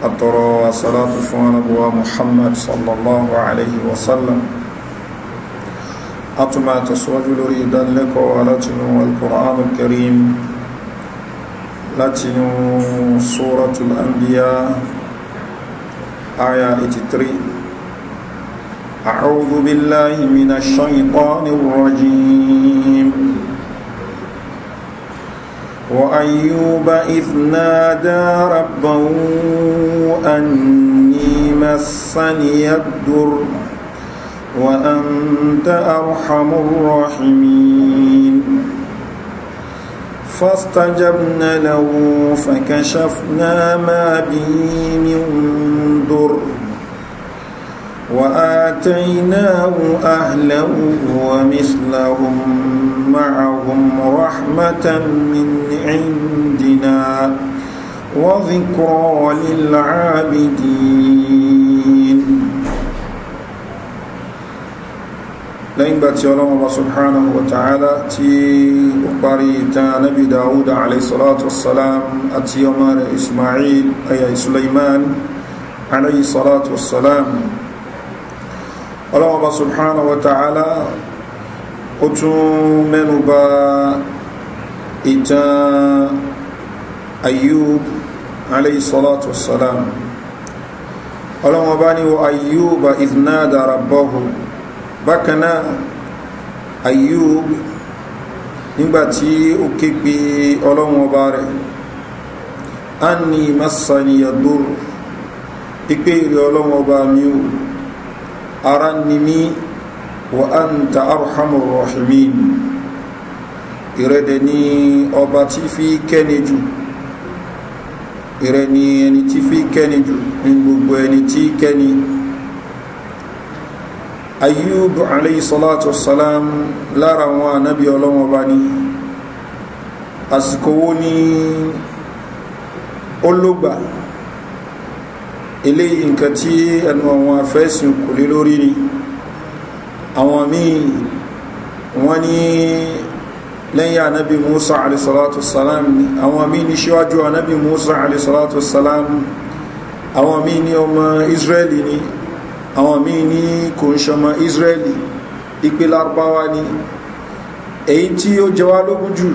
atọrọ asalatu fún anabuwa muhammad sallallahu alayhi wa sallam atuma tẹ̀síwájú lórí ìdánilẹ́kọ̀ọ́ alátinú alkur'an karim látinú suratul anbiya aya 83 أعوذ بالله من الشيطان الرجيم وأيوب إذ نادى ربه أني مسني الدر وأنت أرحم الراحمين فاستجبنا له فكشفنا ما به من ضر وآتيناه أهله ومثلهم معهم رحمة من عندنا وذكرى للعابدين لين باتي الله سبحانه وتعالى تي أقبري نبي داود عليه الصلاة والسلام أتي يوم إسماعيل أي سليمان عليه الصلاة والسلام الله سبحانه وتعالى ó tún mẹ́nuba ìtàn ayub aleyhisalatu wasalam ọlọ́wọ́n bá ní wọ ayuba ìdínádà rabbahu bákanáà ayub nígbàtí ó ké pé ọlọ́wọ́n bá rẹ̀ anni masaniyadoro ipe ìrẹ̀ ọlọ́wọ́n bá mi ara n'imi. wa anta arhamur rahimin ìrẹ́dẹ̀ ni ọba tí fi kẹ́ni jù ìrẹ́ ni ẹni tí fi kẹ́ni jù ní gbogbo ẹni tí kẹ́ni ayyub alayhi salatu wassalam lára wọn anábi ọlọ́wọ́ bá ní àsìkò ni olóògbà eléyìí nǹkan ẹnu àwọn afẹ́sìn kò lé lórí ni. Olugba, àwọn míì wọ́n ní lẹ́yìn anábì musa alìsọ́látù salam ni àwọn míì ní síwájú anábì musa alìsọ́látù salam àwọn míì ní ọmọ israeli ni àwọn míì ní kò ń ṣọmọ israeli ipe lárúbáwá ni èyí tí ó jẹ wá lógún jù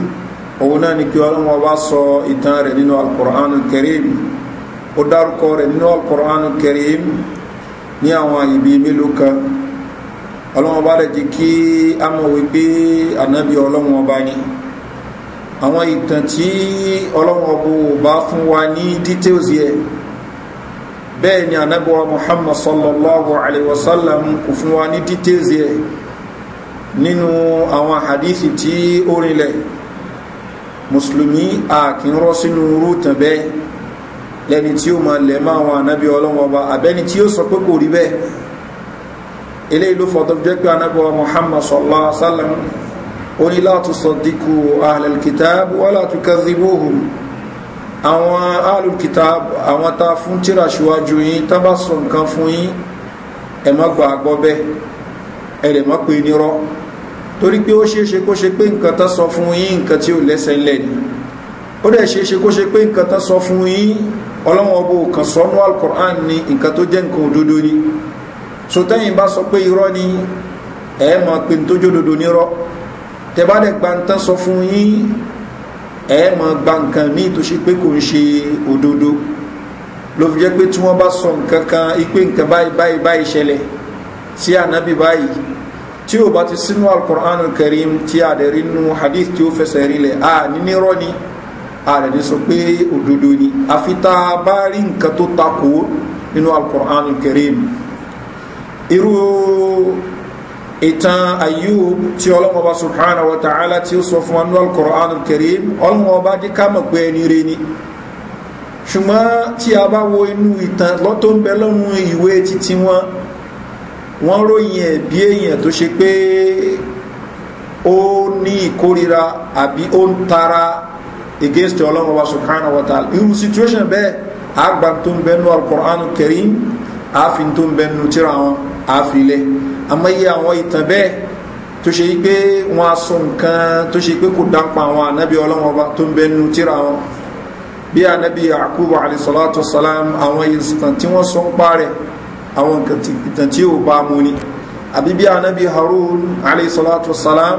òun náà ni pé ọlọ́wọ́n bá sọ ìtàn rẹ̀ nínú alkùránù kẹrìm ó dárúkọ rẹ̀ nínú alkùránù kẹrìm ní àwọn ibi mélòó kan ọlọ́wọ́n bá rẹ̀ jẹ́ kí a mọ̀ wípé ànábì ọlọ́wọ́n bá ní àwọn ìtàn tí ọlọ́wọ́n bó bá fún wa ní details yẹ bẹ́ẹ̀ ni ànábì muhammad sallallahu alaihi wasallam kò fún wa ní details yẹ nínú àwọn hadithi tí ó rinlẹ̀ mùsùlùmí àkínrọ́ sínú rúùtàn bẹ́ẹ̀ lẹ́ni tí ó máa lẹ̀ máa àwọn ànábì ọlọ́wọ́n bá àbẹ́ni tí ó sọ pé kò rí bẹ́ẹ̀ eléyìí ló fọ́tọ́ jẹ́ pé anábọ̀ muhammad sallallahu alaihi wasallam ó ní láti sọ̀díkù ahlulkitab wala tukadhibuhum àwọn ahlulkitab àwọn tá a fún tíra ṣíwájú yín tá bá sọ nǹkan fún yín ẹ má gbà gbọ́ bẹ́ẹ̀ ẹ lè má pè nírọ́ torí pé ó ṣeéṣe kó ṣe pé nǹkan tán sọ fún yín nǹkan tí ò lẹ́sẹ̀ ńlẹ̀ ni ó dẹ̀ ṣeéṣe kó ṣe pé nǹkan tán sọ fún yín ọlọ́wọ́n ọbọ̀ kan sọ́nú alukur'an ni nǹkan tó jẹ́ nǹkan òdodo ni sotẹ́yìn bá sọ pé irọ́ ni ẹ mọ̀ pé tó jódodo nírọ́ tẹ́bádẹ́ gba ń tán sọ fún yín ẹ mọ̀ gba nǹkan míì tó ṣe pé kò ń ṣe òdodo ló fi jẹ́ pé tí wọ́n bá sọ nǹkan kan ipé nǹkan báyìí báyìí báyìí ṣẹlẹ̀ sí ànábì báyìí tí o bá ti sínú alukur'an karim tí a dẹ̀ rí nínú hadith tí ó fẹsẹ̀ rí lẹ̀ a ní nírọ́ ni a dẹ̀ ní sọ pé òdodo ni àfi tá a bá rí nǹkan tó takò nínú alukur'an karim irú ìtàn Ayub tí ọlọ́mọba subhanahu wa ta'ala tí ó sọ fún anú al-Qur'an al-Karim ọlọ́mọba dí ká mọ̀ pé ẹni rẹ ni ṣùgbọ́n tí a bá wo inú ìtàn lọ́tọ́ ń bẹ lọ́nu ìwé títí wọn wọ́n ròyìn ẹ̀ bí èèyàn tó ṣe pé ó ní ìkórira àbí ó ń tara against ọlọ́run ọba wa ta'ala irú situation bẹ́ẹ̀ àgbà tó ń bẹnu al-Qur'an al-Karim tó ń bẹnu tíra wọn àfilẹ̀ àmọ́yé àwọn ìtàn bẹ́ẹ̀ tó ṣe pé wọ́n a sọ nǹkan tó ṣe pé kò dápa àwọn ànábì ọlọ́wọ́n ọba tó ń bẹ nínú tíra wọn bí ànábì àkúbọ̀ àlìsọ̀látọ̀ sàlám àwọn ìtàn tí wọ́n sọ ń pa rẹ̀ àwọn ìtàn tí ò mu ni àbí bí ànábì harun àlìsọ̀látọ̀ sàlám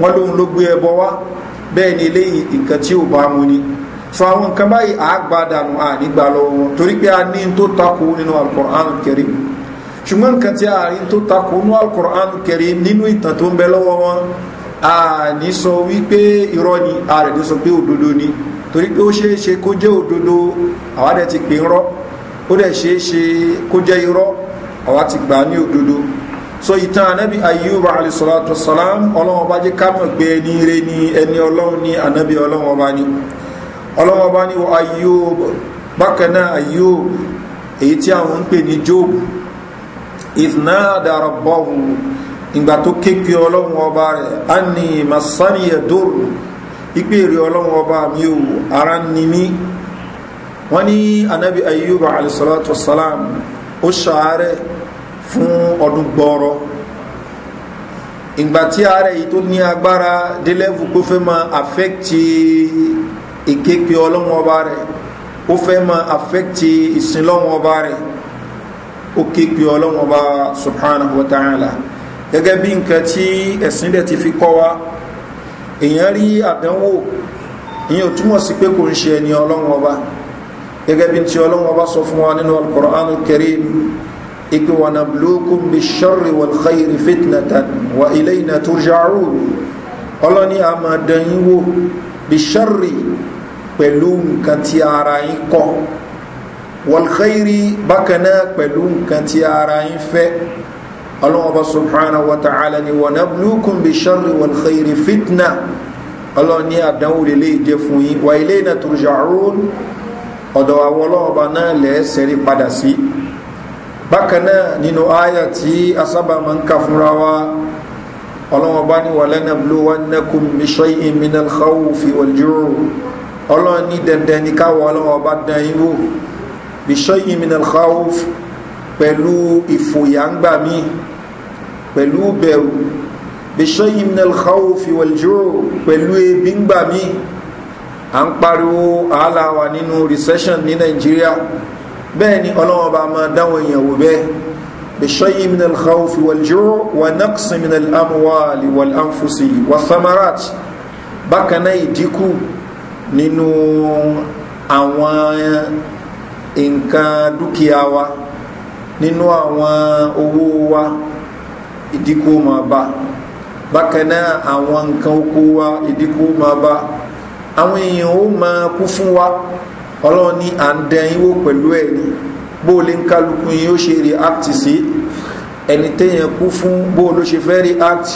wọ́n lóun ló gbé ẹbọ wá bẹ́ẹ̀ ni eléyìí nǹkan tí ò bá mu ni so àwọn nǹkan báyìí àgbàdànù ànígbà lọ́wọ́ torí pé a ní tó takò nínú alukur'an kẹrin ṣùgbọ́n nǹkan tí a rí tó takò nú alukur'an kẹrì nínú ìtàn tó ń bẹ lọ́wọ́ wọn a ní sọ wípé irọ́ ni a rẹ̀ ní sọ pé òdodo ni torí pé ó ṣeé ṣe kó jẹ́ òdodo àwa dẹ̀ ti pè ń so ìtàn anabi ayub alayhisalatu salam ọlọ́wọ́n bá jẹ́ kámọ̀ pé ẹni ire ni ẹni ọlọ́run ni anabi ọlọ́wọ́n bá ní ọlọ́wọ́n bá ní ayub bákan náà ayub èyí tí àwọn ń pè ní job ìdínàdà rọ̀bọ̀hù ìgbà tó képe ọlọ́run ọba rẹ̀ á ní masaniya dòrò ọlọ́run ọba mi ara nimi. anabi ayyuba alisalatu wasalam ó ṣàárẹ̀ fún ọdún gbọ́ọ̀rọ̀ ìgbà tí ààrẹ yìí tó ní agbára délẹ́vù kó fẹ́ ma àfẹ́kìtì ìképe ọlọ́run ọba rẹ̀ fẹ́ àfẹ́kìtì ó ké pe ọlọ́wọ́n bá subhanahu wa ta'ala gẹ́gẹ́ bí nǹkan tí ẹ̀sìn dẹ̀ ti fi kọ́ wa èèyàn rí àdánwò ìyẹn ò túmọ̀ sí pé kò ń ṣe ẹni ọlọ́wọ́n ọba gẹ́gẹ́ bí ti ọlọ́wọ́n ọba sọ fún wa nínú alukọ̀rọ̀ánù karim ìpè wà nà blókùn bí sọ́rì wà lẹ́yìn fitnatan wà ilé iná tó jàrú ọlọ́ni àmà dẹ̀yìn wò bí sọ́rì pẹ̀lú nǹkan ti ara yín kọ́ wàlxeyiri bákan náà pẹ̀lú nǹkan tí ara yín fẹ́ ọlọ́wọ́ba subhanahu wa ta'ala ni wa nablukum bi sharri wal khayri fitna ọlọ́wọ́ ní àdánwò lè lè jẹ́ fún yín wa ilayna turja'un ọ̀dọ̀ àwọn ọlọ́wọ́ba náà lẹ́ẹ̀sẹ̀ rí padà sí bákan náà nínú àyà tí asábà máa ka fúnra wa ọlọ́wọ́ba ní wa lanabluwannakum bi shay'in minal khawfi wal ju' ọlọ́wọ́ ní dandan ní káwọ́ ọlọ́wọ́ba dán yín wò bishay'in min al-khawf pẹ̀lú ìfòyàngbà mi pẹ̀lú bẹ̀rù bishay'in min al-khawf wal-ju' pẹ̀lú ebi ń gbà mi à ń pariwo àhálà wà nínú recession ní nàìjíríà bẹ́ẹ̀ ni ọlọ́wọ́ bá máa dáwọn èèyàn wò bẹ́ẹ̀ min al-khawf wa naqsin min al-amwali wal-anfusi wath-thamarat bákan náà ìdínkù Nkan dúkìá wa nínú àwọn owó wa ìdínkù máa ba. bákan náà àwọn nkan oko wa ìdínkù máa ba. àwọn èèyàn ó máa kú fún wa ọlọ́run ní à ń dẹ yín wò pẹ̀lú ẹ̀ ní bó o lè ń kálukú yín ó ṣe react sí ẹni téèyàn kú fún bó o ló ṣe fẹ́ react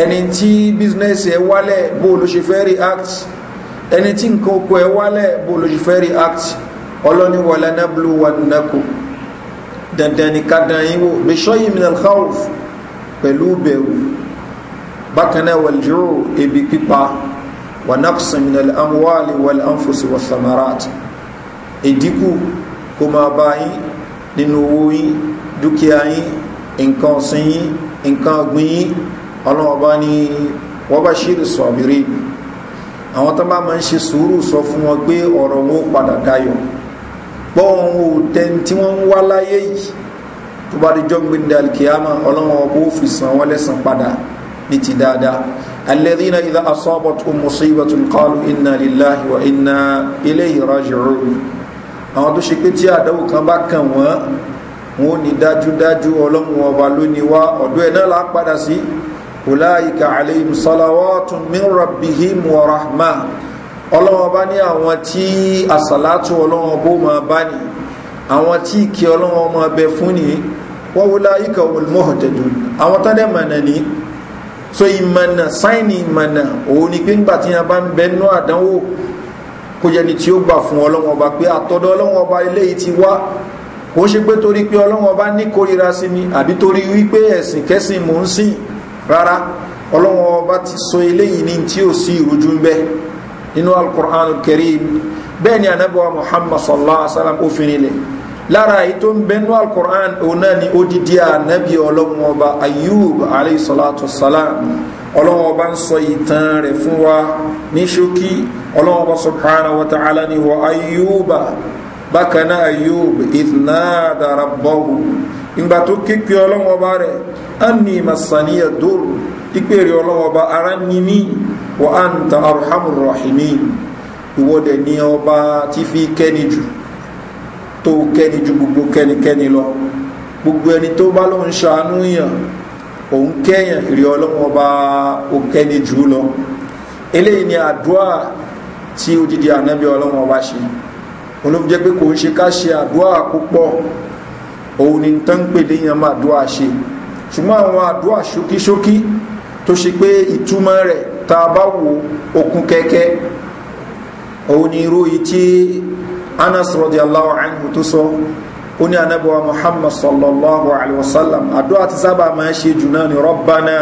ẹni tí bísínẹ́sì ẹ wálẹ̀ bó o ló ṣe fẹ́ react ẹni tí nǹkan oko ẹ wálẹ̀ bó o ló ṣe fẹ́ react. ọlọ́ni wọlé nábìlú wà nàkó dandan ni ká dan yín wò bí sọ́yìn mi nàlẹ́ káwọ́f pẹ̀lú bẹ̀rù bákan náà wà lérò ebi pípa wà nàkùsàn mi nàlẹ́ amúwálì wà lẹ́ ànfọ̀sì wà samarat ìdínkù kó máa bá yín nínú owó yín dúkìá yín nǹkan ọ̀sìn yín nǹkan ọ̀gbìn yín ọlọ́wọ́ bá ní wọ́n bá ṣe ìrìsọ̀ àwọn tó bá máa ń ṣe sùúrù sọ fún wọn pé ọ̀rọ̀ wọn padà dayọ̀ pọ́n ò tẹ́ni tí wọ́n ń wá láyé yìí tó bá di jọ́ gbẹ̀ndẹ̀ alikiyama ọlọ́wọ́n ọkọ̀ ó fi san wọ́n lẹ́sàn padà ní ti dáadáa alẹ́dínà ìdá asọ́bọ̀tò mùsùlùmí kọlu iná líláhi wa iná ilé ìrajiru àwọn tó ṣe pé tí àdáwò kan bá kàn wọ́n wọn ò ní dájúdájú ọlọ́wọ́n ọba lónìí wá ọ̀dọ́ ẹ̀ náà lá padà sí ọláyìíká àlẹ́yìn sọlọ́wọ́tún mí rabbihim wa rahman ọlọ́wọ́n bá ní àwọn tí àsàlátù ọlọ́wọ́n bó máa bá ní àwọn tí ìkí ọlọ́wọ́n máa bẹ fún ní wọ́n wó láyíkà olùmọ̀ọ́tẹ̀dù àwọn tán mọ̀nà ní so ìmọ̀nà sáìnì ìmọ̀nà òun ni pé ńgbà tí a bá ń bẹ nú àdánwò kó jẹni tí ó gbà fún ọlọ́wọ́n ọba pé àtọ́dọ̀ ọlọ́wọ́n ọba eléyìí ti wá kò ṣe pé torí pé ọlọ́wọ́n ọba ní kórira sí mi àbí torí wípé ẹ̀sìn kẹ́sìn mò ń sìn rárá ọlọ́wọ́n ọba ti sọ eléyìí ní tí ò sí ìrújú ń bẹ́ẹ̀ nínú alukur'an kẹrìm bẹ́ẹ̀ ni anabiwa muhammad sallallahu alaihi wa sallam ó fi nílẹ̀ lára èyí tó ń bẹnu alukur'an òun náà ni ó di di anabi ọlọ́run ọba ayub alayhi salatu salam ọlọ́run ọba ń sọ ìtàn rẹ̀ fún wa ní ṣókí ọlọ́run ọba subhanahu wa ta'ala ni wa ayuba bákan náà ayub idnada rabbahu ìgbà tó képe ọlọ́run ọba rẹ̀ anni masaniya dòrò ìpèrè ọlọ́run ọba ara ní wa anta arhamur rahimin ìwọ́dẹ̀ ní ọba tí fi kẹ́ni jù tó kẹ́ni ju gbogbo kẹ́nikẹ́ni lọ gbogbo ẹni tó bá ló ń ṣàánú yàn òun kẹ́yàn ìrì ọlọ́wọ́n ọba ó kẹ́ni jù lọ eléyìí ni àdúrà tí odidi ànábì ọlọ́wọ́n ọba ṣe olóòfin jẹ́ pé kò ń ṣe ká ṣe àdúrà púpọ̀ òun ni tán ń pè léyìn ọmọ àdúrà ṣe ṣùgbọ́n àwọn àdúrà ṣókíṣókí tó ṣe pé ìtumọ̀ rẹ̀ tá a bá wo okun kẹ́kẹ́ òun ni irú yìí tí anas radiyallahu anhu tó sọ ó ní anábọ̀wá muhammad sallallahu alayhi wa sallam àdúrà ti sábà máa ń ṣe jù náà ni rabbana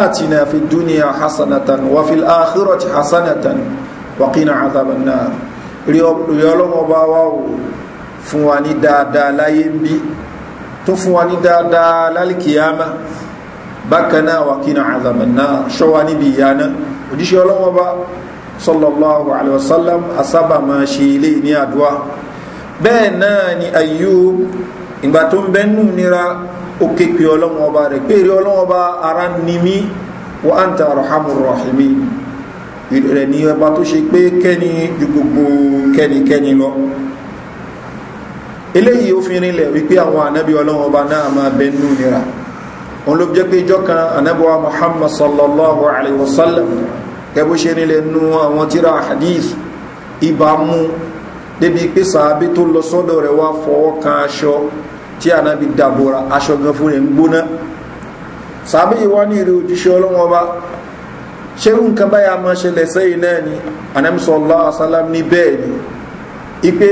atina fi dúnìyà hasanatan wa fil akhirati hasanatan wa qina adhaban nar rí ọlọ́wọ́ bá wá o fún wa ní dáadáa láyé ń bí tó fún wa ní dáadáa lálìkìyàmá bákan náà wàkínà àzàmìnà ṣọ́wá níbi ìyáná òjíṣẹ́ ọlọ́wọ́ bá sallallahu alaihi wasallam asaba ma ṣe ilé ní àdúwà bẹ́ẹ̀ náà ni Ayyub ìgbà tó ń bẹ́nu nira ó ké pe ọlọ́wọ́ bá rẹ̀ pèrè ọlọ́wọ́ bá ara nimi wa anta arhamur rahimin rẹ̀ ní ọba tó ṣe pé kẹ́ni ju gbogbo kẹ́nikẹ́ni lọ eléyìí ó fi rinlẹ̀ wípé àwọn ànábì ọlọ́wọ́ náà máa bẹ́nu nira òun ló jẹ́ pé ìjọ kan anábọ̀wá muhammad sallallahu alayhi wa sallam kẹ́bó ṣe nílẹ̀ nu àwọn tíra hadith ìbámu débi pé sàábí tó lọ sọ́dọ̀ rẹ̀ wá fọwọ́ kan aṣọ tí anábì dàbòrà aṣọ gan fún rẹ̀ ń gbóná sàábí yìí wá ní ìrè òjíṣẹ́ ọlọ́wọ́n ọba ṣerú nǹkan báyà máa ṣẹlẹ̀ sẹ́yìn náà ni anábì sallallahu alayhi wa sallam ní bẹ́ẹ̀ ni ipe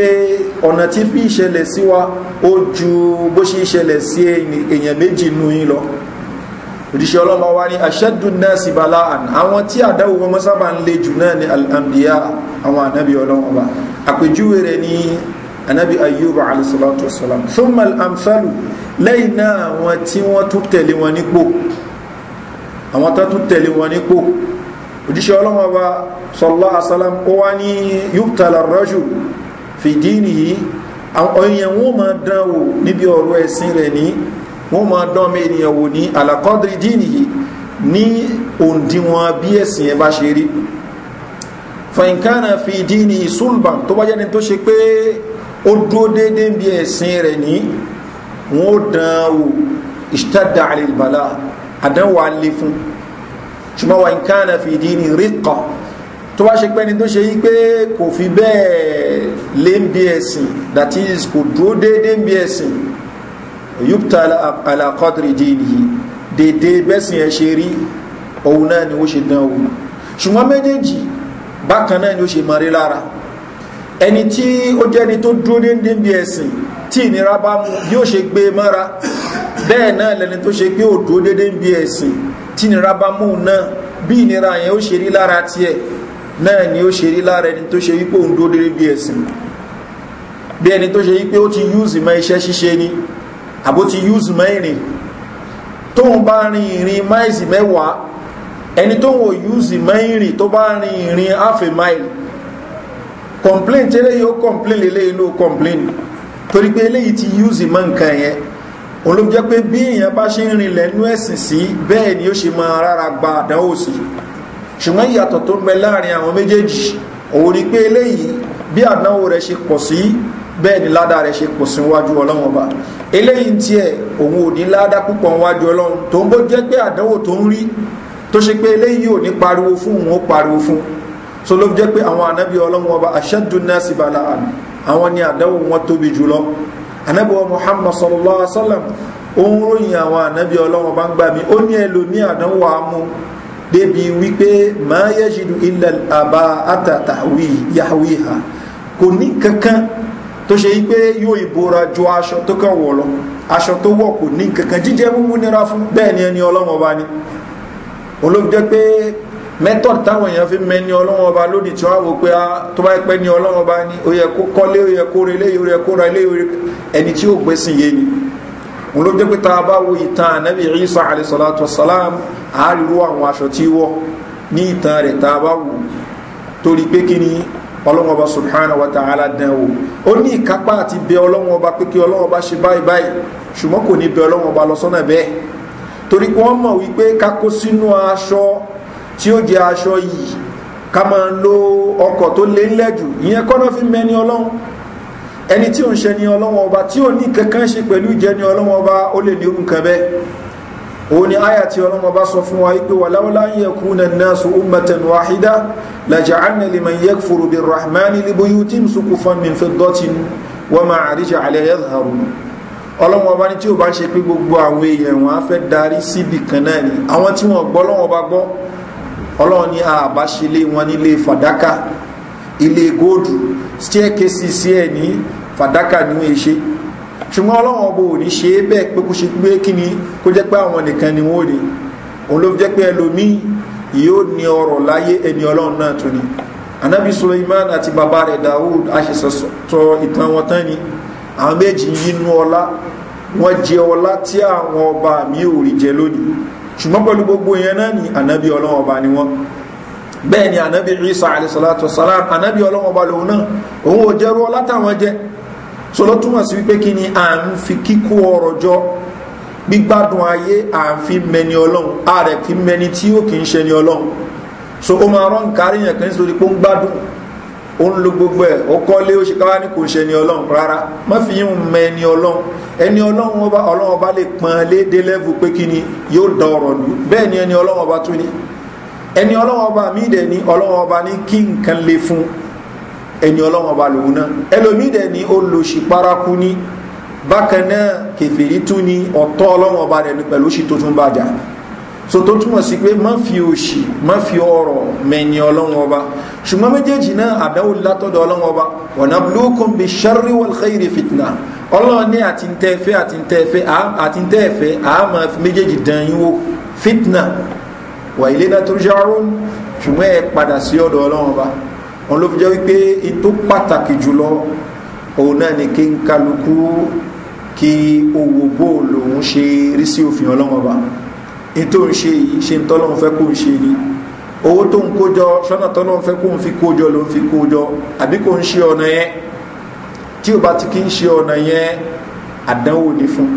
ọ̀nà tí fi ìṣẹ̀lẹ̀ sí wa ó ju bó ṣe ìṣẹ̀lẹ̀ sí èèyàn méjì nù yín lọ òdíṣẹ́ ọlọ́mọ wa ní aṣẹ́dùn náà sì bala àná àwọn tí àdáwò wọn sábà ń le jù náà ní alhamdiya àwọn anábì ọlọ́mọ wa àpèjúwe rẹ̀ ní anábì ayuba alayhisalatu wasalam thummal amsalu lẹ́yìn náà àwọn tí wọ́n tún tẹ̀lé wọn nípò àwọn tó tún tẹ̀lé wọn nípò òdíṣẹ́ ọlọ́mọ wa sọlá asalam ó wá ní yubtala rọ́jù fìdí nìyí ọ̀yẹ̀wò máa dánwò níbi ọ̀rọ̀ ẹ̀sìn rẹ̀ ní wọ́n máa dán mi ènìyàn wò ní alakọ́dìrì díìnì yìí ní òǹdíwọ̀n bí ẹ̀sìn ẹ̀ bá ṣe rí fàyínkánà fi díìnì sulban tó bá jẹ́ni tó ṣe pé ó dúó déédéé bí ẹ̀sìn rẹ̀ ní wọ́n ó dán wò ìṣtàdà àlèbàlá àdánwò alẹ́ fún ṣùgbọ́n wàyínkánà fi díìnì ríkọ̀ tó bá ṣe pé ẹni tó ṣe yí pé kò fi bẹ́ẹ̀ lé ń bí ẹ̀sìn that is kò dúó déédéé bí ẹ̀sìn yúpta alákọ́dìrì dìní dédé de ẹ̀ ṣe rí òun náà ni ó ṣe dán òun ṣùgbọ́n méjèèjì bákan náà ni ó ṣe mọ̀ rí lára ẹni tí ó jẹ́ni tó dúró dédé bí ẹ̀sìn tí ìnira bá mú bí ó ṣe gbé e mọ́ra bẹ́ẹ̀ náà lẹni tó ṣe pé ó dúró dédé bí ẹ̀sìn tí ìnira bá mú náà bí ìnira yẹn ó ṣe rí lára tiẹ̀ náà ni ó ṣe rí lára ẹni tó ṣe wípé òun dúró dédé bí ẹ̀sìn bí ẹni tó ṣe wípé ó ti yúùsì mọ́ iṣẹ́ ṣíṣe ni àbó ti use mẹ́rin tóun bá rin ìrìn máìsì mẹ́wàá ẹni tó ń wò use mẹ́rin tó bá rin ìrìn half a mile complain tí eléyìí ó complain eléyìí ló complain torí pé eléyìí ti use mọ́ nǹkan yẹn òun ló jẹ́ pé bí èèyàn bá ṣe ń rinlẹ̀ nú ẹ̀sìn sí bẹ́ẹ̀ ni ó ṣe máa rárá gba àdánwò sí ṣùgbọ́n ìyàtọ̀ tó ń láàrin àwọn méjèèjì òun ni pé eléyìí bí àdánwò rẹ̀ ṣe pọ̀ sí bẹ́ẹ̀ ni ládàá rẹ̀ ṣe pọ̀ síwájú ọlọ́wọ́n bá eléyìí tiẹ̀ òun ò ní ládá púpọ̀ wájú ọlọ́run tó ń bó jẹ́ pé àdánwò tó ń rí tó ṣe pé eléyìí ò ní pariwo fún òun ó pariwo fún so ló jẹ́ pé àwọn ànábì ọlọ́run ọba ashaddu nasi bala'an àwọn ni àdánwò wọn tóbi jùlọ ànábì wa muhammad sallallahu alaihi wasallam ó ń ròyìn àwọn ànábì ọlọ́run ọba ń gbà mí ó ní ẹlòmí àdánwò amú débi wípé máa yẹ́ṣidù ilẹ̀ àbá àtàtàwí yahwiha kò ní kankan tó ṣe pé yóò ìbora ju aṣọ tó kàn wọ̀ lọ aṣọ tó wọ̀ kò ní kankan jíjẹ múmú nira fún bẹ́ẹ̀ ni ẹni ọlọ́wọ́n ọba ni olóògbé jẹ́ pé method táwọn èèyàn fi mẹ́ni ọlọ́wọ́n ọba lónìí tí wọ́n á wò pé ah, tó bá pẹ́ ni ọlọ́wọ́n ọba ni ó yẹ kó kọ́lé ó yẹ kó relé ó yẹ kó ra ilé ẹni tí ó gbẹ́sìn yé ni wọn jẹ́ pé ta bá wo ìtàn ànábì Isa alayhisalatu wasalam àárírú àwọn aṣọ tí wọ́ ní ìtàn rẹ̀ ta bá wò torí pé kí ni ọlọ́wọ́n ọba subhanahu wa ta'ala dán o ó ní ìkápá àti bẹ ọlọ́wọ́n ọba pé kí ọlọ́wọ́n ọba ṣe báyìí báyìí ṣùgbọ́n kò ní bẹ ọlọ́wọ́n ọba lọ sọ́nà bẹ́ẹ̀ torí pé wọ́n mọ̀ wípé kákó sínú aṣọ tí ó jẹ aṣọ yìí ká máa lo ọkọ̀ tó lé ńlẹ̀ jù ìyẹn kọ́nà fi mẹ́ni ọlọ́run ẹni tí ò ń ṣe ni ọlọ́wọ́n tí ò ní kankan ṣe pẹ̀lú ìjẹni ọlọ́wọ́n ó lè ní orúkọ bẹ́ẹ̀ òun ni àyà tí ọlọ́mọ bá sọ fún wa wípé wà láwọ́lá ń yẹ kú nà náà sọ ummatan wahida làjà ánà lè máa yẹ fòrò bí rahman libo yóò tí ń sùkú fún mi fẹ́ dọ́tí wọ́n máa àríjà alẹ́ yẹ zàrù ọlọ́mọ bá ní tí ó bá ṣe pé gbogbo àwọn èèyàn wọn fẹ́ darí síbi kan náà ni àwọn tí wọ́n gbọ́ lọ́wọ́ bá gbọ́ ṣùgbọ́n ọlọ́wọ́n bò ní ṣe é bẹ́ẹ̀ pé kó ṣe pé kí ni kó jẹ́ pé àwọn nìkan ni wọ́n rí òun ló fi jẹ́ pé ẹlòmíì yóò ní ọrọ̀ láyé ẹni ọlọ́run náà tó ni anabi suleiman àti bàbá rẹ̀ dawud aṣèṣọ́tọ̀ ìtàn wọn tán ni àwọn méjì nínú ọlá wọ́n jẹ ọlá tí àwọn ọba mi ò rí jẹ lónìí ṣùgbọ́n pẹ̀lú gbogbo yẹn náà ni anabi ọlọ́run ọba ni wọ́n bẹ́ẹ̀ ni anabi isa alayhi salatu salam anabi ọlọ́run ọba lòun náà òun ò jẹ́rú ọlá táwọn jẹ́ sọlọ túmọ̀ sí wípé kí ni à ń fi kíkó ọrọ̀ jọ gbígbádùn ayé à ń fi mẹni ọlọ́run a rẹ̀ kí mẹni tí ó kì í ṣe ọlọ́run so ó máa rán kárí yẹn kan sórí pé ó ń gbádùn ó ń lo gbogbo ẹ̀ ó kọ́lé ó ṣe káwá ní kò ṣe ni ọlọ́run rárá má fi yín mọ ẹni ọlọ́run ẹni ọlọ́run ọba ọlọ́run ọba lè pọn léde lẹ́vù pé kí ni yóò dán ọ̀rọ̀ lù bẹ́ẹ̀ ni ẹni ọlọ́run ọba tún ni ẹni ọlọ́run ọba mí ẹni ọlọ́wọ́n bá lòun náà ẹlòmí dẹ̀ ni ó lo ṣì paraku ní bákan náà kẹfìrí tún ni ọ̀tọ́ ọlọ́wọ́n bá rẹ̀ ní pẹ̀lú ṣì tó tún bàjá so tó túmọ̀ sí pé má fi òṣì má fi ọrọ̀ mẹ́ni ọlọ́wọ́n ọba ṣùgbọ́n méjèèjì náà àdáwò látọ̀dọ̀ ọlọ́wọ́n ọba ọ̀nà blókùn bí sharri wal khayri fitna ọlọ́run ní àti ń tẹ́ẹ̀fẹ́ àti ń tẹ́ẹ̀fẹ́ àti ń tẹ́ẹ̀fẹ́ àmọ́ méjèèjì dán yín wò fitna wà ilé náà tó ṣàrún ṣùgbọ́n ẹ padà sí ọ̀dọ̀ ọlọ́wọ́n ọba wọn ló fi jẹ́ wípé ètò pàtàkì jùlọ òun náà ni kí n kálukú kí owó bóòlù òun ṣe rí sí òfin ọlọ́wọ́n bá ètò ń ṣe yìí ṣe ń tọ́lọ́wọ́n fẹ́ kó ń ṣe ni owó tó ń kójọ sọ́nà tọ́lọ́wọ́n fẹ́ kó ń fi kójọ ló ń fi kójọ àbí kó ń ṣe ọ̀nà yẹn tí o bá ti kí ń ṣe ọ̀nà yẹn àdánwò ní fún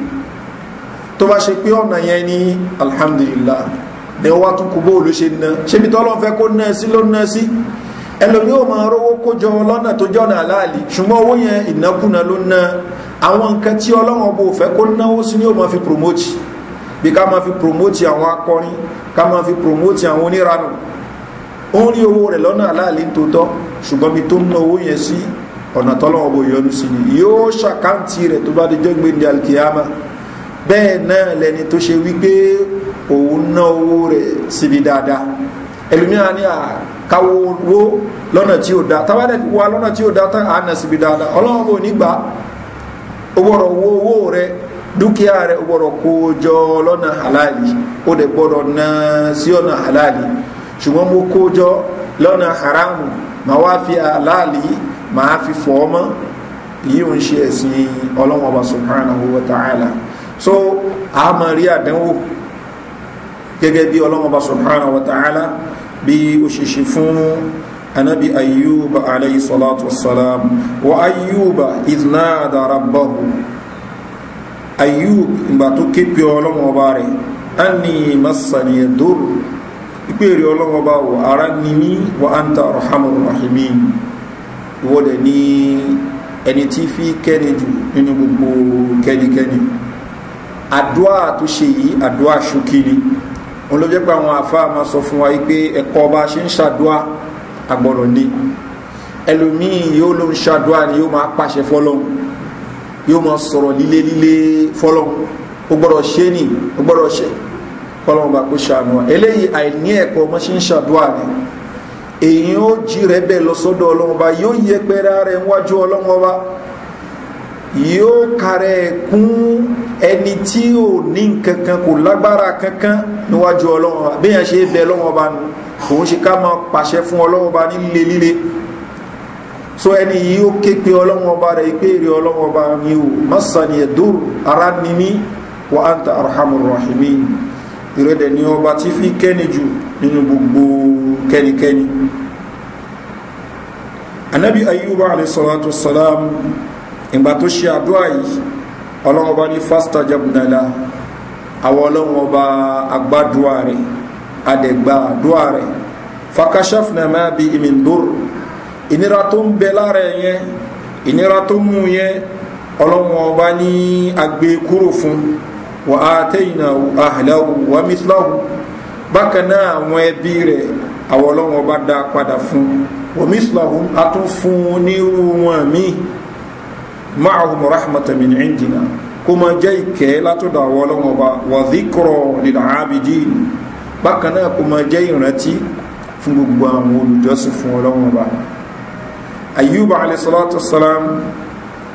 tó bá ṣe pé ọ̀nà yẹn ní alhamdulillah ni wọ́n wá tún kú bóòlù ṣe ná ṣe bí tọ́lọ́wọ́n fẹ́ kó ná sí ló ná sí ẹlòmí ò máa rówó kójọ lọ́nà tó jọ́nà aláàlì ṣùgbọ́n owó yẹn ìnákúnà ló ná àwọn nǹkan tí ọlọ́run ọba òfẹ́ kó náwó sí ni ó máa fi promote bí ká máa fi promote àwọn akọrin ká máa fi promote àwọn oníranù ó ń rí owó rẹ̀ lọ́nà aláàlì tó tọ́ ṣùgbọ́n mi tó ń ná owó yẹn sí ọ̀nà tọ́lọ́wọ́ bó yọnu sí ni yóò ṣàkáǹtì rẹ̀ tó bá di jẹ́gbé ní alkiyama bẹ́ẹ̀ náà lẹni tó ṣe wípé òun ná owó rẹ̀ síbi dáadáa ẹlòmíràn ní à káwo wó lọ́nà tí ó dá tábàdẹ̀ wá lọ́nà tí ó dá tán àánà síbi dáadáa ọlọ́run bò nígbà ó gbọ́dọ̀ wo owó rẹ dúkìá rẹ ó kó jọ lọ́nà halali ó dẹ̀ gbọ́dọ̀ ná sí ọ̀nà halali ṣùgbọ́n mo kó jọ lọ́nà haramu màá wá fi halali màá fi fọ́ ọmọ yìí ń ṣe ẹ̀sìn ọlọ́wọ́n ọba subhanahu wa ta'ala so a máa rí àdánwò gẹ́gẹ́ bí ọlọ́wọ́n ọba subhanahu wa ta'ala bí ó ṣe ṣe fún anabi ayyuba alayhi salatu wassalam wa ayyuba iznada rabbahu ayyub ìgbà tó ké pe ọlọ́wọ́n ọba rẹ̀ anni masani dor ìpèrè ọlọ́wọ́n ọba wò ara ni mí wa anta arhamur rahimin ìwọ́dẹ̀ ní ẹni tí fi kẹ́ni jù nínú gbogbo kẹ́nikẹ́ni àdúà tó ṣe yìí àdúà ṣókí ni. Keni keni òun ló jẹ́ pé àwọn àfa máa sọ fún wa pé ẹ̀kọ́ bá ṣe ń ṣàdúà àgbọ̀rọ̀ ni ẹlòmíì yóò ló ń ṣàdúà ni yóò máa pàṣẹ fọlọ́n yóò máa sọ̀rọ̀ líle líle fọlọ́n ó gbọ́dọ̀ ṣe ni ó gbọ́dọ̀ ṣe fọlọ́n bá kó ṣàánú wa eléyìí àìní ẹ̀kọ́ ọmọ ṣe ń ṣàdúà ni èyí ó jí rẹ bẹ́ẹ̀ lọ sọ́dọ̀ ọlọ́run ọba yóò yẹpẹrẹ rẹ̀ níwájú ọlọ́run ọba yóò kárẹ̀ kún ẹni tí ò ní kankan kò lágbára kankan níwájú ọlọ́wọ́n ọba bí yẹn ṣe bẹ lọ́wọ́n ọba nù òun ṣe ká máa pàṣẹ fún ọlọ́wọ́n ọba nílé líle so ẹni yìí ó ké pe ọlọ́wọ́n ọba rẹ̀ pé èrè ọlọ́wọ́n ọba mi ò masani ẹ̀dùn ara ni mí wa anta arhamur rahimin ìrẹ́dẹ̀ ni ọba tí fi kẹ́ni jù nínú gbogbo kẹ́nikẹ́ni anabi ayuba alayhi salatu salam ìgbà tó ṣe àdúrà yìí ọlọ́run ọba ní fastajabna lah àwọn ọlọ́run agbádùá rẹ̀ adẹ̀gbà àdúà rẹ̀ fakashafna ma bihi min dur ìnira tó ń bẹ lára ẹ̀ yẹn ìnira tó mú yẹn ọlọ́run ọba ní agbé kúrò fún wa ataynahu ahlahu wa mithlahu bákan náà àwọn ẹbí rẹ̀ àwọn ọlọ́run dá padà fún wa mithlahum atún fún wọn míì معهم رحمة من عندنا كما جاي كي لا تدع ولو وذكرى للعابدين بكنا كما جاي نتي فنبوا مول جوسف ولو أيوب عليه الصلاة والسلام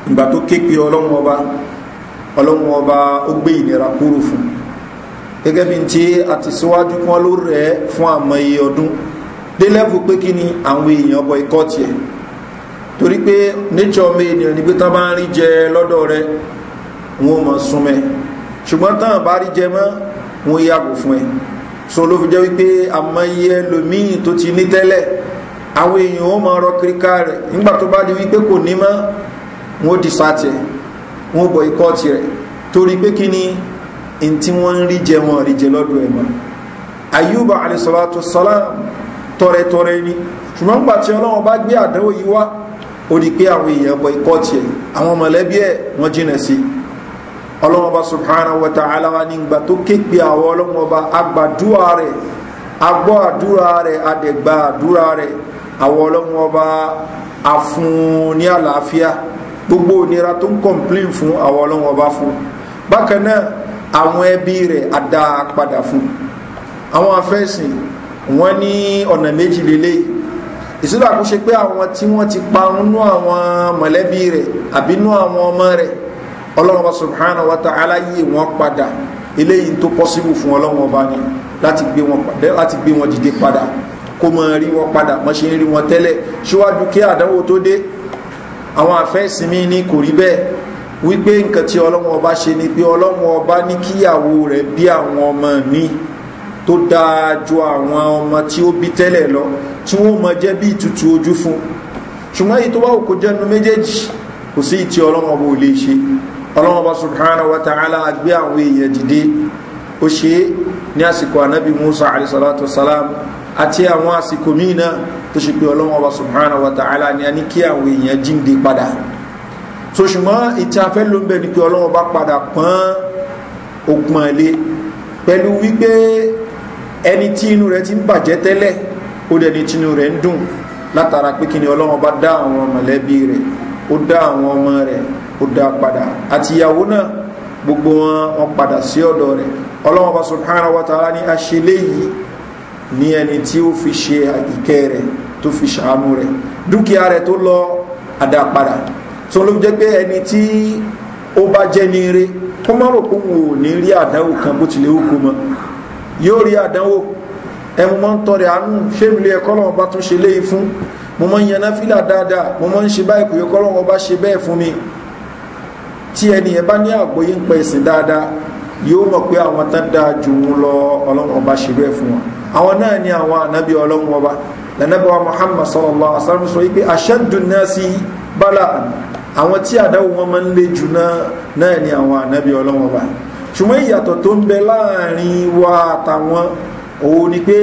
ìgbà tó ké pe ọlọ́run ọba ọlọ́run ọba ó gbé ìnira kúrò fún fún iye ọdún pé kí torí pé nature ọmọ ènìyàn ni pé tán bá ń rí jẹ lọ́dọ̀ rẹ wọn ò mọ̀ súnmẹ́ ṣùgbọ́n tán bá rí jẹ mọ́ wọn yàgò fún ẹ so ló fi jẹ́ wípé àmọ́yẹ lomiin tó ti ní tẹ́lẹ̀ àwọn èèyàn ó máa rọ kíríkà rẹ̀ nígbà tó bá di wípé kò ní mọ́ wọn ó di sáàtì wọn ó bọ̀ ikọ́ tirẹ̀ torí pé kí ni n tí wọ́n ń rí jẹ wọn rí jẹ lọ́dọ̀ ẹ̀ mọ́ ayuba alayhi salatu salam tọrẹtọrẹ ni ṣùgbọ́n gbà tí ọlọ́run bá gbé àdánwò yìí wá ó di pé àwọn èèyàn bọ ikọ́ tiẹ̀ àwọn mọ̀lẹ́bí ẹ̀ wọ́n jìnà sí ọlọ́mọba subhanahu wa ta'ala wa ní ìgbà tó ké pe àwọn ọlọ́mọba agbàdúrà rẹ̀ agbọ́ àdúrà rẹ̀ adẹ̀gbà àdúrà rẹ̀ àwọn ọlọ́mọba afun ní àlàáfíà gbogbo ònira tó ń kọ̀mplain fun àwọn ọlọ́mọba fún bákan náà àwọn ẹbí rẹ̀ adá padà fún àwọn afẹ́sìn wọ́n ní ọ̀nà méjì lélẹ́yìí ìsìlá kó ṣe pé àwọn tí wọ́n ti parun nú àwọn mọ̀lẹ́bí rẹ̀ àbí nú àwọn ọmọ rẹ̀ ọlọ́run wa subhanahu wa ta'ala yí wọn padà eléyìí tó pọ́síbù fún ọlọ́run ọba ni láti gbé wọn dìde padà kó mọ rí wọn padà mọ ṣe ń rí wọn tẹ́lẹ̀ síwájú kí àdánwò tó dé àwọn àfẹ́sìmí ní kò rí bẹ́ẹ̀ wípé nǹkan tí ọlọ́run ọba ṣe ni pé ọlọ́run ọba ní kíyàwó rẹ̀ bí àwọn ọmọ míì tó dáa ju àwọn ọmọ tí ó bí tẹ́lẹ̀ lọ tí wọ́n mọ jẹ́ bí ìtutù ojú fún ṣùgbọ́n èyí tó wá òkú jẹ́nu méjèèjì kò sí ìtì ọlọ́mọ bó lè ṣe ọlọ́mọ subhanahu wa ta'ala gbé àwọn èèyàn dìde ó ṣe é ní àsìkò anabi musa alayhisalatu salam àti àwọn àsìkò míì náà tó ṣe pé ọlọ́mọ subhanahu wa ta'ala ni a ní kí àwọn èèyàn jíǹde padà so ṣùgbọ́n ìtì afẹ́ ló ń bẹ ni pé ọlọ́mọ padà pọ́n òpin ilé pẹ̀lú wípé ẹni tí inú rẹ̀ ti ń bàjẹ́ tẹ́lẹ̀ ó dẹni tí inú rẹ̀ ń dùn látara pé kí ni ọlọ́run bá dá àwọn mọ̀lẹ́bí rẹ̀ ó dá àwọn ọmọ rẹ̀ ó dá padà àti ìyàwó náà gbogbo wọn wọn padà sí ọ̀dọ̀ rẹ̀ ọlọ́run bá subhanahu wa ní aṣelé yìí ní ẹni tí ó fi ṣe ìkẹ́ rẹ̀ tó fi ṣàánú rẹ̀ dúkìá rẹ̀ tó lọ àdá padà tó ló jẹ́ pé ẹni tí ó bá jẹ́ ní eré kó má rò pé òun ò ní rí àdáwò kan bó tilẹ̀ ó kó mọ́ yóò rí àdánwò ẹmu mọ́ ń tọrẹ àánú ṣé mi lè ẹ̀kọ́ lọ́wọ́ bá tún ṣe léyìí fún mo mọ́ ń yan náfìlà dáadáa mo mọ́ ń ṣe báyìí kò yẹ kọ́ lọ́wọ́ bá ṣe bẹ́ẹ̀ fún mi tí ẹnìyẹn bá ní àgbóyé ń pẹ ìsìn dáadáa yóò mọ̀ pé àwọn tán dáa jù wọn lọ ọlọ́run ọba ṣe bẹ́ẹ̀ fún wọn àwọn náà ni àwọn ànábì ọlọ́run ọba lẹ́nàbọ̀wá muhammad sallallahu alaihi wasallam sọ wípé aṣẹ́dùn náà sí bálà àwọn tí àdáwò wọn máa ń le jù náà náà ni àwọn ànábì ọlọ́run ọba ṣùgbọ́n ìyàtọ̀ tó ń bẹ láàrin wa àtàwọn òun ni pé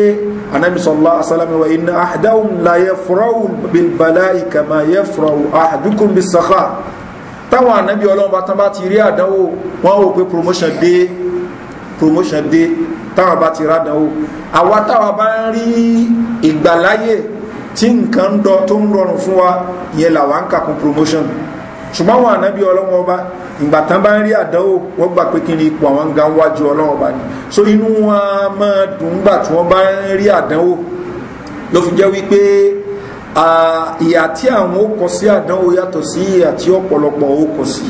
anábìsọ̀lá asálàmì wa iná àdáhùn la yẹfúráwù bilbala ìkàmà yẹfúráwù àdúkùn bí sàkà táwọn anábì ọlọ́run bá tán bá ti rí àdánwò wọ́n wò pé promotion dé promotion dé táwọn bá ti rádánwò àwa táwọn bá ń rí ìgbàláyè tí nǹkan tó ń rọrùn fún wa yẹn làwọn ń kàkún promotion ṣùgbọ́n àwọn anábì ọlọ́run ọba ìgbà tán bá ń rí àdánwò wọ́n gbà pé kí ni ipò àwọn ga wájú ọlọ́run ọba ni so inú wọn máa dùn gbà tí wọ́n bá ń rí àdánwò ló fi jẹ́ wípé ìyà tí àwọn ó kọ sí àdánwò yàtọ̀ sí ìyà tí ọ̀pọ̀lọpọ̀ ó kọ sí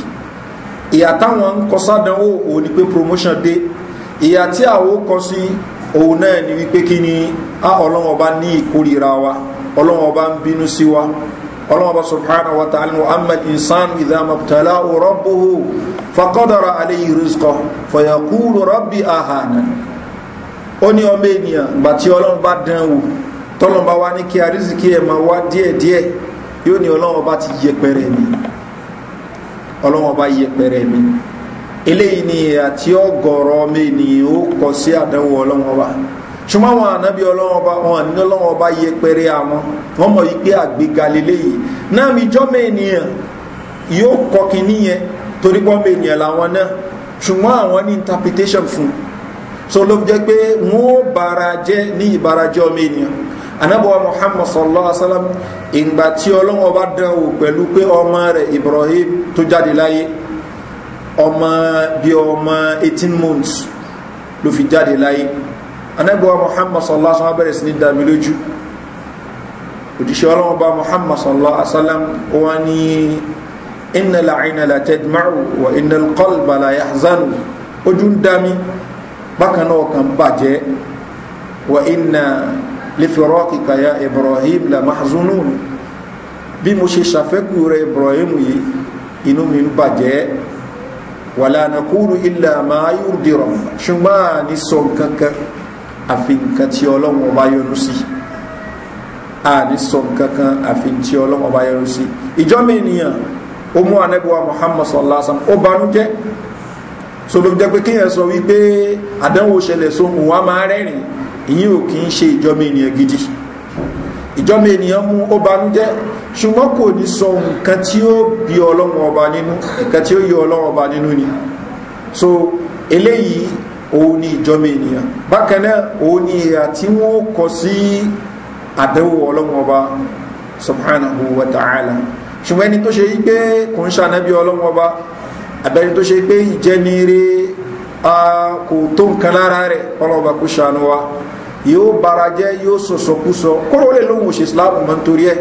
ìyà táwọn ń kọ sádánwò òun ni pé promotion dé ìyà tí àwọn ó kọ sí òun náà ni wípé kí ni ọlọ́run ọba ní ìkórìíra wa ọlọ́run ọba ń bínú sí wa ọlọ́mọba subhanahu wa ta'ala wa amma insan idha mabtalahu rabbuhu faqadara alayhi rizqahu fayaqulu rabbi ahana ó ní ọmọ ènìyàn gbà tí ọlọ́run bá dán wò tọ́lọ́run bá wá ní kí arísìkí ẹ̀ máa wá díẹ̀díẹ̀ yóò ní ọlọ́run bá ti yẹpẹrẹ mi ọlọ́run bá yẹpẹrẹ mi eléyìí ni àti ọgọ̀rọ̀ ọmọ ènìyàn ó kọ sí àdánwò ọlọ́run ṣùgbọ́n àwọn ànábì ọlọ́wọ́n bá wọn ní ọlọ́wọ́n bá yẹ pẹ̀rẹ̀ àwọn wọ́n mọ̀ wípé àgbéga lélẹ́yìí náà mi jọ́mọ̀ ènìyàn yóò kọkí níyẹn torí pọ́mọ̀ ènìyàn làwọn náà ṣùgbọ́n àwọn ní interpretation fún so ló jẹ́ pé wọ́n bára jẹ́ ní ìbára ọmọ ènìyàn anábọ̀ muhammad sallallahu alaihi wasallam ìgbà tí ọlọ́wọ́n bá dán wò pẹ̀lú pé ọmọ rẹ̀ ibrahim tó jáde láyé ọmọ bíi ọmọ eighteen months ló fi jáde láyé anẹ́gbọ́wà muhammad sallallahu alaihi wasallam bẹ̀rẹ̀ sí ní dàmí lójú òjíṣẹ́ ọlọ́wọ́ bá muhammad sallallahu alaihi wasallam wọ́n ní iná la'ina la tẹ́dmáwò wà iná kọlbà la yahzanu ojú ń dàmí bákan náà kan bàjẹ́ wà iná lifirọ́kìkà ya ibrahim la mahzunun bí mo ṣe ṣàfẹ́kù rẹ̀ ibrahim yìí inú mi ń bàjẹ́ wà lánàkúrú ilà máa yóò dìrọ̀ ṣùgbọ́n ní sọ kankan àfi nǹkan tí ọlọ́run ọba yọ́nú sí a ní sọ nǹkan kan àfi tí ọlọ́run ọba yọ́nú sí ìjọ mi nìyàn ó anabiwa muhammad sallallahu alaihi wa sallam ó banújẹ́ sọlọ jẹ́ pé kéèyàn sọ wípé àdánwò ṣẹlẹ̀ sóhun wa máa rẹ́rìn ìyín ò kì í ṣe ìjọba ènìyàn gidi ìjọba ènìyàn mú ó banújẹ́ ṣùgbọ́n kò ní sọ nǹkan tí ó bí ọlọ́run ọba nínú nǹkan tí ó yí ọlọ́run ọba nínú ni so eléyìí òun ni ìjọba ènìyàn bákan náà òun ni ìyà tí wọ́n kọ sí àdẹ́wò ọlọ́mọba subhanahu wa ta'ala ṣùgbọ́n ẹni tó ṣe yí pé kò ń ṣànẹ́bí ọlọ́mọba àbẹ́ni tó ṣe pé ìjẹniire kò tó nǹkan lára rẹ̀ ọlọ́ba kò ṣàánú wa yóò bara jẹ́ yóò sọ̀sọ̀kúsọ kóró lè lóhun òṣè islam mọ́ nítorí ẹ̀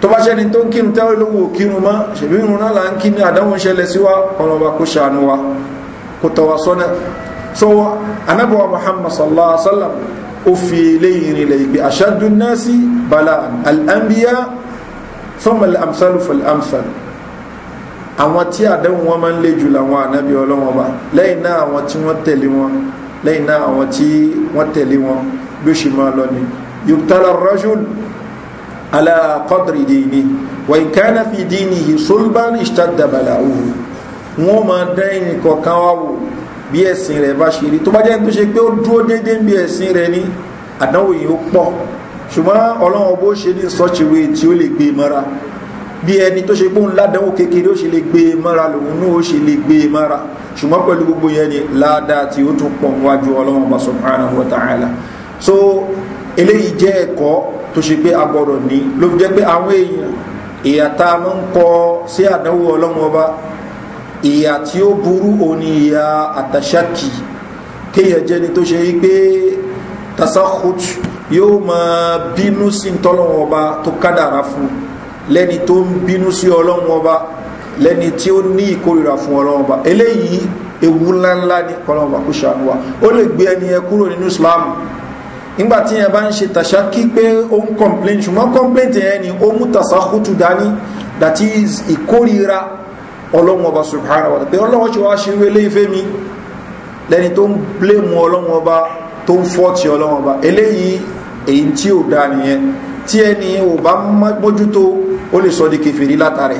tó bá ṣẹni tó ń kírun tẹ́wọ́ lóhun òkírun mọ́ ṣèbí irun là ń kí ní àdánwò ṣẹlẹ̀ sí wa kò ṣàánú wa kò tọ́ wa so anabuwa muhammad sallallahu alaihi wa sallam ó fi eléyìí rinlẹ̀ ìgbé ashaddu nasi bala al-anbiya thumma al-amsalu fal-amsal àwọn tí àdéhùn wọn máa ń lé jù làwọn ànábì ọlọ́wọ́n bá lẹ́yìn náà àwọn tí wọ́n tẹ̀lé wọn lẹ́yìn náà àwọn tí wọ́n tẹ̀lé wọn bí ó ṣe máa lọ ni yubtala rajul ala qadri wa in kana fi dinihi sulban ishtadda bala'uhu wọ́n máa dán ẹ̀yìn kọ̀ọ̀kan wá wò bí ẹ̀sìn rẹ̀ bá ṣe rí tó bá jẹ́ tó ṣe pé ó dúró déédé bí ẹ̀sìn rẹ̀ ní àdánwò yìí ó pọ̀ ṣùgbọ́n ọlọ́run bó ṣe ní sọ́ọ̀ṣìwé tí ó lè gbé e mọ́ra bí ẹni tó ṣe gbóhùn ládánwò kékeré ó ṣe lè gbé e mọ́ra lòun ní ó ṣe lè gbé e mọ́ra ṣùgbọ́n pẹ̀lú gbogbo yẹn ni ládàá tí ó tún pọ̀ níwájú ọlọ́run bá subhanahu wa so eléyìí jẹ́ ẹ̀kọ́ tó ṣe pé agbọ́dọ̀ ní ló fi jẹ́ pé àwọn èèyàn ìyàtà máa ń kọ sí àdánwò ọlọ́run ọba ìyà tí ó burú òní ìyà àtàṣàkì kéèyàn jẹni tó ṣe wípé tasahut yóò máa bínú sí tọ́lọ́wọ́n ọba tó kádàrá fún lẹ́ni tó ń bínú sí ọlọ́wọ́n ọba lẹ́ni tí ó ní ìkórira fún ọlọ́wọ́n ọba eléyìí ewu ńláńlá ní ọlọ́wọ́n ọba kò ṣàánú wa ó lè gbé ẹni yẹn kúrò nínú islam nígbà tí yẹn bá ń ṣe tàṣákí pé ó ń complain ṣùgbọ́n complain yẹn ni ó mú tasahutu dání that is ìkórira ọlọ́wọ́n ọba subhanahu wa ta'ala pé ọlọ́wọ́n ṣe wá ṣe irú eléyìí fẹ́mi lẹ́ni tó ń bléèmù ọlọ́wọ́n ọba tó ń fọ́ọ̀tì ọlọ́wọ́n ọba eléyìí èyí tí ò da nìyẹn tí ẹni ò bá mójútó ó lè sọ di kẹfìrí látàrí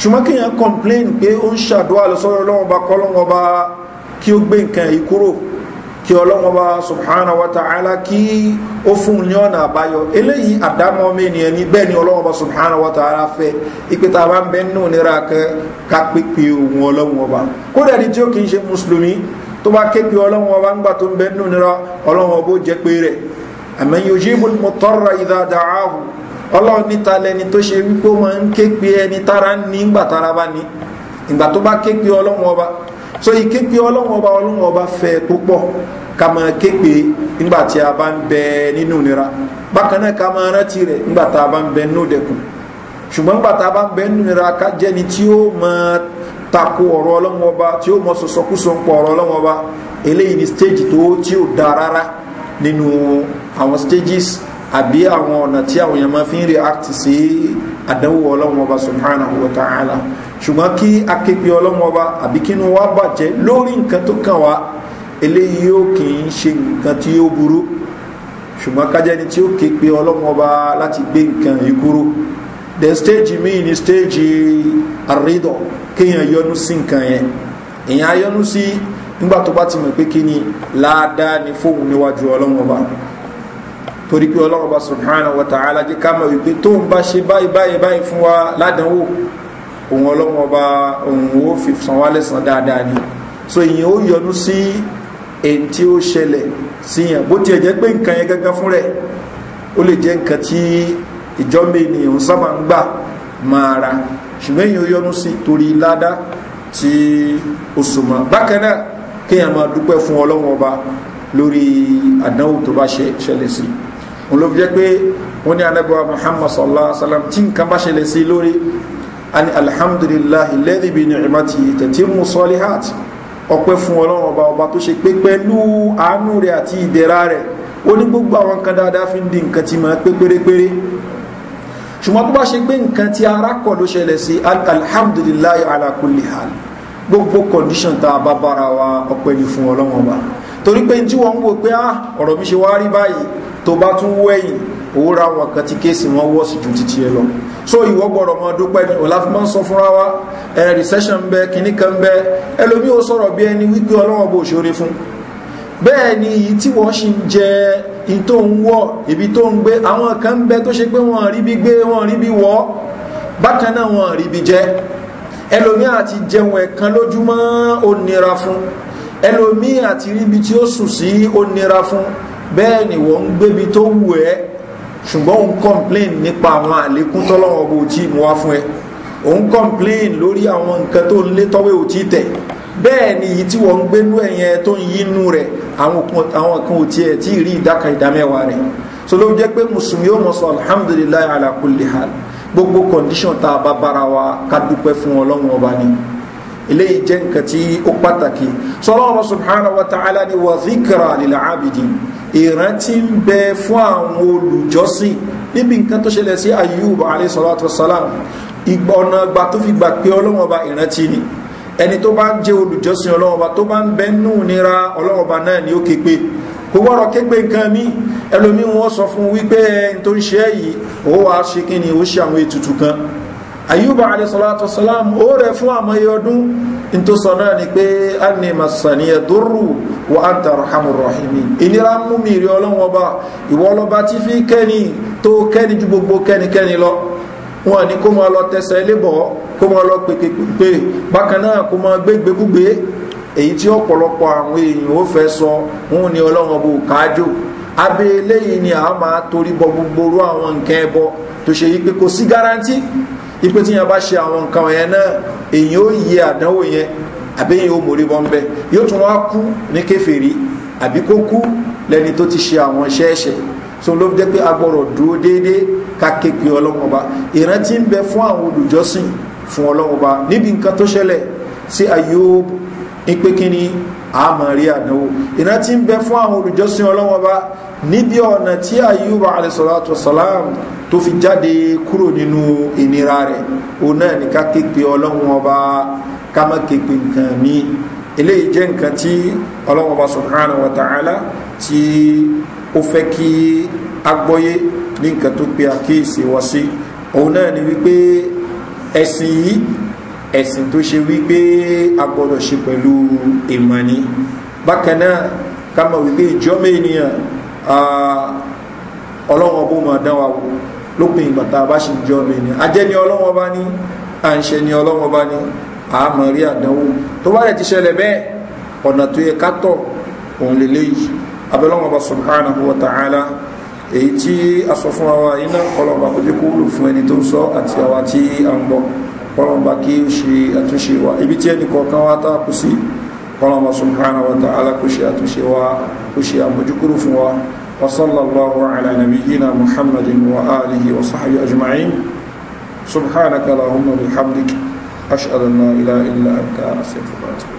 ṣùgbọ́n complain pé ó ń ṣàdúrà lọ́sọ́rọ̀ ọlọ́wọ́n ọba kọ́ kí ó gbé kí ọlọ́wọ́n bá subhana wa ta'ala kí ó fún ní ọ̀nà àbáyọ eléyìí àdámọ́ ọmọ ènìyàn ní bẹ́ẹ̀ ni ọlọ́wọ́n bá subhana wa ta'ala fẹ́ ipe tá a bá ń bẹ́ nínú nira kan ká pépè ohun ọlọ́wọ́n bá kódà ní tí ó kì í ṣe mùsùlùmí tó bá képe ọlọ́wọ́n bá ń gbà tó ń bẹ́ nínú nira ọlọ́wọ́n bó jẹ́ pé rẹ̀ àmọ́ yóò ṣe mo tọ́ra ìdá dàáhù ọlọ́run níta lẹni tó ṣe wípé ó máa ń képe ẹni tára ní ìgbà tára bá ní ìgbà tó bá képe ọlọ́wọ́n bá so ìképe ọlọ́run ọba ọlọ́run ọba fẹ́ púpọ̀ ká máa képe nígbà tí a bá ń bẹ nínú ìnira bákan náà ká máa rántí rẹ̀ nígbà tá a bá ń bẹ nínú dẹkùn ṣùgbọ́n nígbà tá a bá ń bẹ nínú ká tí máa ni stage tó tí da rárá nínú àwọn stages àbí àwọn ọ̀nà tí àwọn èèyàn máa fi ń ṣùgbọ́n kí aképe ọlọ́mọba àbí kínú wa bàjẹ́ lórí nǹkan tó kàn wá eléyìí yóò kì í ṣe nǹkan tí ó burú ṣùgbọ́n kájẹ́ni tí ó képe ọlọ́mọba láti gbé nǹkan yìí kúrò the stage míì ni stage àrídọ̀ kéèyàn yọnu sí nǹkan yẹn èèyàn yọnu sí nígbà tó bá ti mọ̀ pé kí ni láadáa ni fóun níwájú ọlọ́mọba torí pé ọlọ́mọba subhanahu wa ta'ala jẹ́ ká mọ̀ wípé tóun bá ṣe báyìí báyìí báyìí fún wa ládàáwò òun ọlọ́wọ́n ọba òun ó fi san wálé san dáadáa ni so ìyẹn ó yọnu sí èyí tí ó ṣẹlẹ̀ sí yẹn bó tiẹ̀ jẹ́ pé nǹkan yẹn gángan fún rẹ̀ ó lè jẹ́ nǹkan tí ìjọba ènìyàn sábà ń gbà máa ra ṣùgbọ́n èyí ó yọnu sí torí ládá tí ó súnmọ́ bákan náà kéèyàn máa dúpẹ́ fún ọlọ́wọ́n ọba lórí àdánwò tó bá ṣẹlẹ̀ sí òun ló fi jẹ́ ani alhamdulilahi lẹ́dí bi nìrìmàtì tẹ̀tí mu sọ́lihat ọpẹ́ fún ọlọ́run ọba ọba tó ṣe pé pẹ̀lú àánú rẹ̀ àti ìdẹ̀ra rẹ̀ ó ní gbogbo àwọn nǹkan dáadáa fi ń di nǹkan tí máa pé pérépéré ṣùgbọ́n tó bá ṣe pé nǹkan tí ara kọ̀ ló ṣẹlẹ̀ sí alhamdulilahi alakulli hal gbogbo condition tá a bá bára wa ọpẹ́ ni fún ọlọ́run ọba torí pé tí wọ́n ń wò pé ah ọ̀rọ̀ mi ṣe wá rí báyìí tó bá tún wẹ̀yìn owó ra wọn kan tí kéèsì wọn wọ́ sí ju títí ẹ lọ so ìwọ gbọ́dọ̀ mọ dúpẹ́ ní ọ̀làfímọ́ ń sọ fúnra wa ẹ recession bẹ kínní kan bẹ ẹlòmíì ó sọ̀rọ̀ bí ẹni wípé ọlọ́wọ́n bó ṣoore fún bẹ́ẹ̀ ni èyí tí wọ́n ṣì ń jẹ in tó ń wọ̀ ibi tó ń gbé àwọn kan ń bẹ tó ṣe pé wọ́n rí bí gbé wọ́n rí bí wọ́ bákan náà wọ́n rí bí jẹ ẹlòmíì àti jẹun ẹ̀kan lójúmọ́ ó nira fún ẹlòmíì àti ríbi tí ó sùn sí ó nira fún bẹ́ẹ̀ ni wọ́n ń gbébi tó wù ẹ́ ṣùgbọ́n òun complain nípa àwọn àlékún tọ́lọ́wọ́ bó tí mú wá fún ẹ òun complain lórí àwọn nǹkan tó ń lé tọ́wé ò tí tẹ̀ bẹ́ẹ̀ ni èyí tí wọ́n ń gbénú ẹ̀yẹn tó ń yínú rẹ̀ àwọn kan ò tiẹ̀ tí ì rí ìdáka ìdámẹ́wàá rẹ̀ so ló jẹ́ pé mùsùlùmí yóò mọ̀ sọ alhamdulilayi ala kulli hal gbogbo condition tá a bá bára wa ká dúpẹ́ fún ọlọ́run ọba ni eléyìí jẹ́ nǹkan tí ó pàtàkì sọlọ́wọ́ subhanahu wa ta'ala ni wa zikra lil abidin ìrántí ń bẹ fún àwọn olùjọ́sìn níbi nǹkan tó ṣẹlẹ̀ sí ayub alayhi salatu wassalam ọ̀nà ìgbà tó fi gbà pé ọlọ́wọ́ bá ìrántí ni ẹni tó bá ń jẹ́ olùjọ́sìn ọlọ́wọ́ bá tó bá ń bẹ́nú nira ọlọ́wọ́ bá náà ni ó képe kò gbọ́rọ̀ képe nǹkan mi ẹlòmí sọ fún wípé ẹni tó ń ṣe yìí ó wàá ṣe kí ni ó ṣe àwọn ètùtù kan ayuba alayisalaatu wasalam o rẹ̀ fún àmọ́yé ọdún ní tó sọ náà ni pé anni masaniya dúró wa anta arhamur rahimin ìnira mú mi rí ọlọ́wọ́n ọba ìwọ tí fi kẹ́ni tó kẹ́ni ju gbogbo kẹ́nikẹ́ni lọ wọn ni kó máa lọ tẹsẹ̀ lébọ̀ kó máa lọ pèpèpè bákan náà kó máa gbégbégbúgbé èyí tí ọ̀pọ̀lọpọ̀ àwọn èèyàn ó fẹ́ sọ wọn ni ọlọ́run ọba òkájò abẹ́ eléyìí ni a máa torí bọ gbogbo orú àwọn nǹkan ẹbọ tó ṣe yí pé kò sí garanti ipe tí yẹn bá ṣe àwọn nǹkan yẹn náà èyàn ó yẹ àdánwò yẹn àbí èyàn ó mórí bọ́n bẹ́ yóò tún wá kú ní kẹfẹ́rí àbí kó kú lẹni tó ti ṣe àwọn ṣẹ́ẹ̀ṣẹ̀ so ló jẹ́ pé a dúró déédéé ká ké ọlọ́mọba ìrántí ń bẹ fún àwọn olùjọ́sìn fún ọlọ́mọba níbi nǹkan tó ṣẹlẹ̀ sí ayub ipe kíni àmọ́ rí àdánwò iná tí ń bẹ fún àwọn olùjọ́sìn ọlọ́wọ́n níbi ọ̀nà tí ayuba alayhisalatu salam tó fi jáde kúrò nínú ìnira rẹ̀ òun náà ní ká képe ọlọ́wọ́n ọba ká má képe nǹkan mi eléyìí jẹ́ nǹkan tí ọlọ́wọ́n ọba wa ta'ala tí ó fẹ́ kí agbọ́yé ní nǹkan tó pe àkíyèsí wá sí òun náà ni wípé ẹ̀sìn yìí ẹ̀sìn tó ṣe wípé a gbọ́dọ̀ ṣe pẹ̀lú ìmọ̀ni bákan náà ká mọ̀ wípé ìjọ́mọ̀ ènìyàn ọlọ́wọ́n bó máa dán wa wò lópin ìgbà tá a bá ṣe ìjọ́mọ̀ ènìyàn ajẹ́ni ọlọ́wọ́n bá ní à ń ṣe ni ọlọ́wọ́n bá ní àmọ́ rí àdánwò tó bá rẹ̀ ti ṣẹlẹ̀ bẹ́ẹ̀ ọ̀nà tó yẹ ká tọ̀ òun lélẹ́yìí abẹ́lọ́wọ́n bá subhanahu wa ta'ala èyí tí a sọ fún wa iná ọlọ́ba kò jẹ́ kó wúlò fún ẹni tó ń sọ àti àwa tí a ń gbọ́ kọlọmba kí ó ṣe àtúnṣe wa ibi tí ẹnì kọ̀ọ̀kan wa tá a kù sí kọlọmba subhanahu wa ta'ala kó ṣe àtúnṣe wa kó ṣe àmójúkúrò fún wa wa sallallahu ala nabiyyina muhammadin wa alihi wa sahbihi ajma'in subhanaka allahumma bihamdik ashhadu an la illa anta astaghfiruka